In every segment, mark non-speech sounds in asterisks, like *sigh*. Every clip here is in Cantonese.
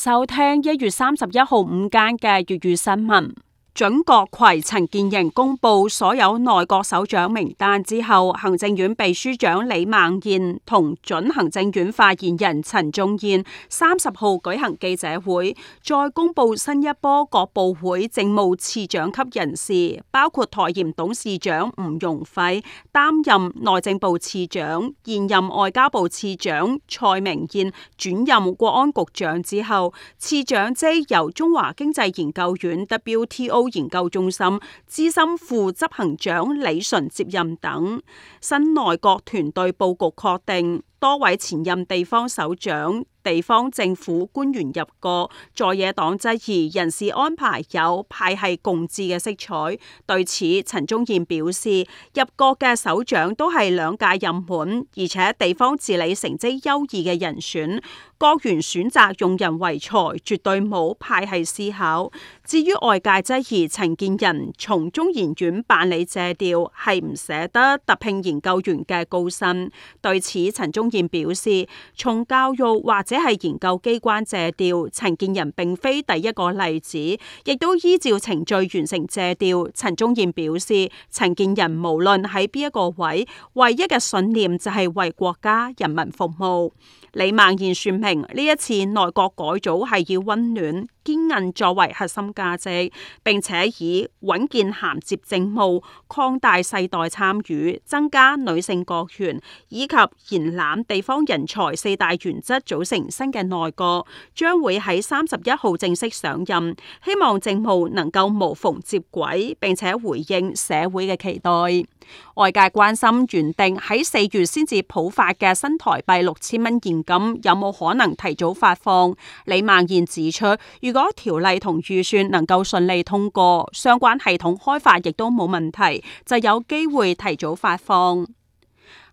收聽一月三十一號午間嘅粵語新聞。準國揆陳建仁公布所有內閣首長名單之後，行政院秘書長李孟諺同准行政院發言人陳宗彥三十號舉行記者會，再公布新一波各部會政務次長級人士，包括台鹽董事長吳容輝擔任內政部次長，現任外交部次長蔡明彥、轉任國安局長之後，次長即由中華經濟研究院 WTO。研究中心資深副執行長李淳接任等，新內閣團隊布局確定。多位前任地方首長、地方政府官員入閣，在野黨質疑人事安排有派系共治嘅色彩。對此，陳宗彥表示，入閣嘅首長都係兩屆任滿，而且地方治理成績優異嘅人選，閣員選擇用人唯才，絕對冇派系思考。至於外界質疑陳建仁從中研院辦理借調係唔捨得特聘研究員嘅高薪，對此陳宗。然表示，從教育或者係研究機關借調，陳建仁並非第一個例子，亦都依照程序完成借調。陳宗彥表示，陳建仁無論喺邊一個位，唯一嘅信念就係為國家人民服務。李孟諺說明，呢一次內閣改組係要溫暖、堅韌作為核心價值，並且以穩健銜接政務、擴大世代參與、增加女性國權以及延攬地方人才四大原則組成新嘅內閣，將會喺三十一號正式上任。希望政務能夠無縫接軌，並且回應社會嘅期待。外界關心原定喺四月先至普發嘅新台幣六千蚊現金有冇可能提早發放？李孟諺指出，如果條例同預算能夠順利通過，相關系統開發亦都冇問題，就有機會提早發放。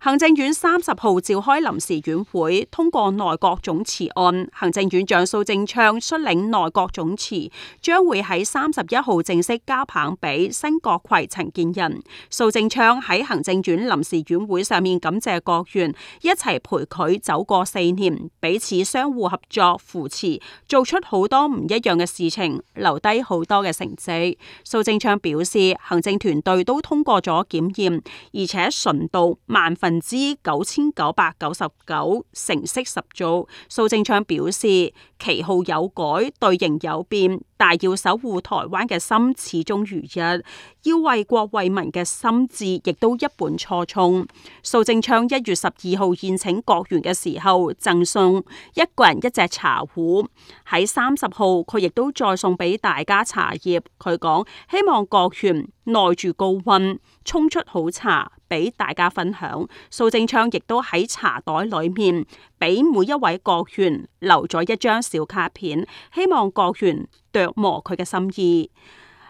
行政院三十號召開臨時院會，通過內閣總辭案。行政院長蘇貞昌率領內閣總辭，將會喺三十一號正式交棒俾新閣揆陳建仁。蘇貞昌喺行政院臨時院會上面感謝閣員一齊陪佢走過四年，彼此相互合作扶持，做出好多唔一樣嘅事情，留低好多嘅成績。蘇貞昌表示，行政團隊都通過咗檢驗，而且純度萬分之九千九百九十九，成色十足，蘇貞昌表示：旗號有改，隊形有變。但要守護台灣嘅心始終如一，要為國為民嘅心志亦都一本初衷。蘇貞昌一月十二號宴請閣員嘅時候，贈送一個人一隻茶壺。喺三十號，佢亦都再送俾大家茶葉。佢講希望閣員耐住高溫，沖出好茶俾大家分享。蘇貞昌亦都喺茶袋裏面俾每一位閣員留咗一張小卡片，希望閣員，琢磨佢嘅心意。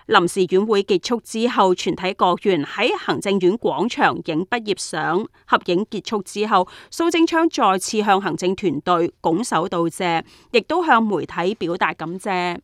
臨時院會結束之後，全體閣員喺行政院廣場影畢業相。合影結束之後，蘇貞昌再次向行政團隊拱手道謝，亦都向媒體表達感謝。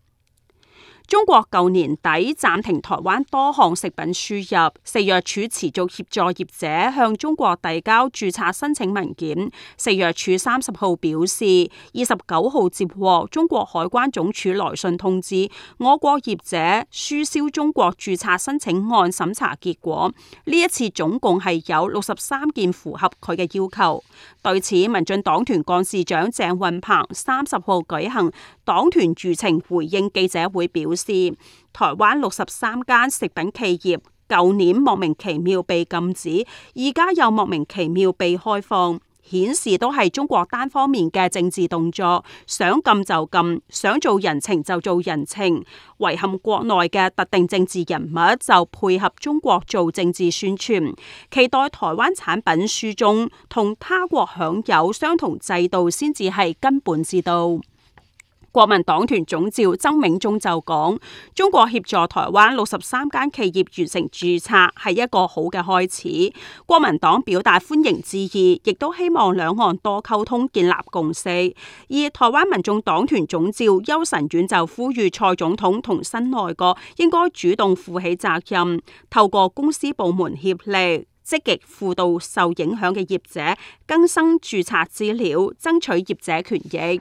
中國舊年底暫停台灣多項食品輸入，食藥署持續協助業者向中國遞交注冊申請文件。食藥署三十號表示，二十九號接獲中國海關總署來信通知，我國業者輸銷中國注冊申請案審查結果。呢一次總共係有六十三件符合佢嘅要求。對此，民進黨團幹事長鄭運鵬三十號舉行黨團議程回應記者會表示。是台灣六十三間食品企業，舊年莫名其妙被禁止，而家又莫名其妙被開放，顯示都係中國單方面嘅政治動作，想禁就禁，想做人情就做人情，遺憾國內嘅特定政治人物就配合中國做政治宣傳，期待台灣產品輸中，同他國享有相同制度先至係根本之道。國民黨團總召曾銘宗就講：中國協助台灣六十三間企業完成註冊，係一個好嘅開始。國民黨表達歡迎之意，亦都希望兩岸多溝通，建立共識。而台灣民眾黨團總召邱臣遠就呼籲蔡總統同新內閣應該主動負起責任，透過公司部門協力，積極輔導受影響嘅業者更新註冊資料，爭取業者權益。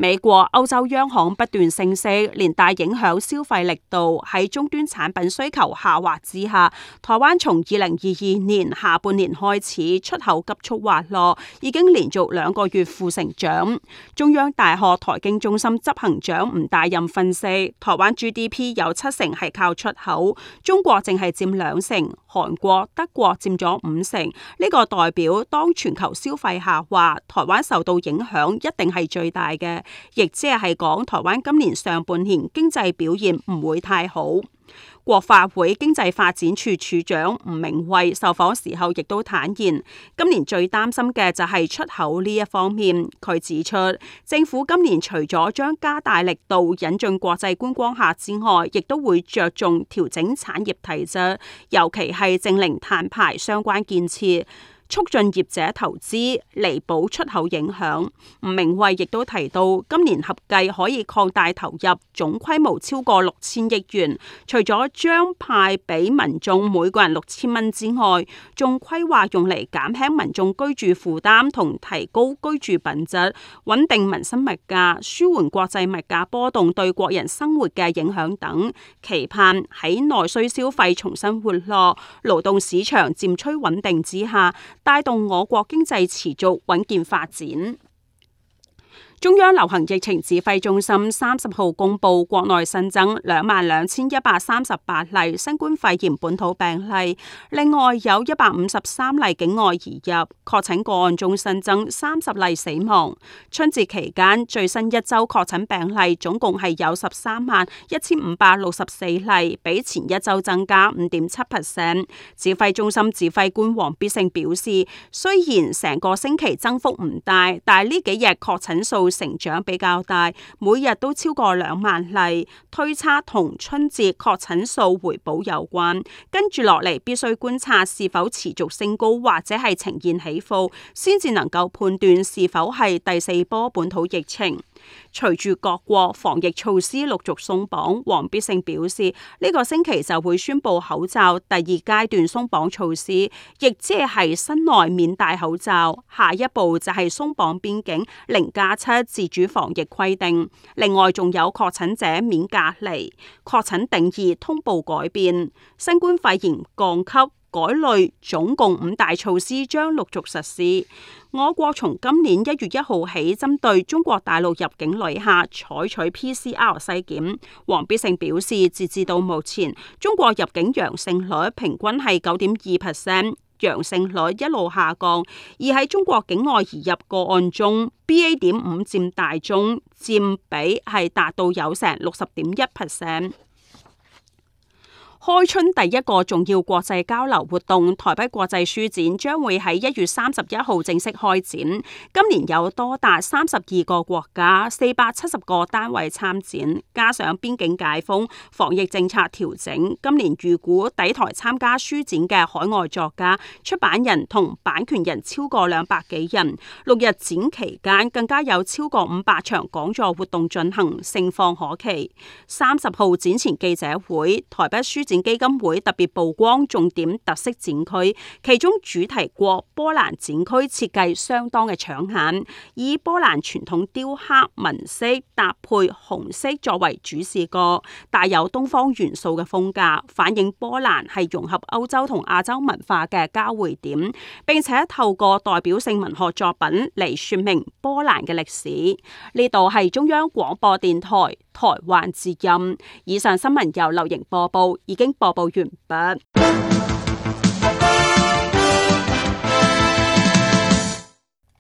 美國、歐洲央行不斷升息，連帶影響消費力度。喺終端產品需求下滑之下，台灣從二零二二年下半年開始出口急速滑落，已經連續兩個月負成長。中央大學台經中心執行長吳大任分析，台灣 GDP 有七成係靠出口，中國淨係佔兩成，韓國、德國佔咗五成。呢個代表當全球消費下滑，台灣受到影響一定係最大嘅。亦即係講，台灣今年上半年經濟表現唔會太好。國發會經濟發展處處長吳明慧受訪時候亦都坦言，今年最擔心嘅就係出口呢一方面。佢指出，政府今年除咗將加大力度引進國際觀光客之外，亦都會着重調整產業體質，尤其係淨零碳排相關建設。促進業者投資，彌補出口影響。吳明蕙亦都提到，今年合計可以擴大投入，總規模超過六千億元。除咗將派俾民眾每個人六千蚊之外，仲規劃用嚟減輕民眾居住負擔同提高居住品質，穩定民生物價，舒緩國際物價波動對國人生活嘅影響等。期盼喺內需消費重新活絡、勞動市場漸趨穩定之下，帶動我國經濟持續穩健發展。中央流行疫情指揮中心三十號公布國內新增兩萬兩千一百三十八例新冠肺炎本土病例，另外有一百五十三例境外移入確診個案中新增三十例死亡。春節期間最新一周確診病例總共係有十三萬一千五百六十四例，比前一周增加五點七 percent。指揮中心指揮官王必勝表示，雖然成個星期增幅唔大，但係呢幾日確診數，成長比較大，每日都超過兩萬例，推測同春節確診數回補有關。跟住落嚟，必須觀察是否持續升高或者係呈現起伏，先至能夠判斷是否係第四波本土疫情。隨住各國防疫措施陸續鬆綁，王必勝表示呢，這個星期就會宣佈口罩第二階段鬆綁措施，亦即係室內免戴口罩。下一步就係鬆綁邊境零加七自主防疫規定，另外仲有確診者免隔離、確診定義通報改變、新冠肺炎降級。改類總共五大措施將陸續實施。我國從今年一月一號起，針對中國大陸入境旅客採取 PCR 篩檢。王必勝表示，截至到目前，中國入境陽性率平均係九點二 percent，陽性率一路下降。而喺中國境外移入個案中，BA. 點五占大宗，占比係達到有成六十點一 percent。開春第一個重要國際交流活動台北國際書展將會喺一月三十一號正式開展。今年有多達三十二個國家、四百七十個單位參展，加上邊境解封、防疫政策調整，今年預估抵台參加書展嘅海外作家、出版人同版權人超過兩百幾人。六日展期間更加有超過五百場講座活動進行，盛況可期。三十號展前記者會，台北書展，展基金會特別曝光重點特色展區，其中主題國波蘭展區設計相當嘅搶眼，以波蘭傳統雕刻紋飾搭配紅色作為主視覺，帶有東方元素嘅風格，反映波蘭係融合歐洲同亞洲文化嘅交匯點，並且透過代表性文學作品嚟說明波蘭嘅歷史。呢度係中央廣播電台。台灣自任。以上新聞由流瑩播報，已經播報完畢。 *noise*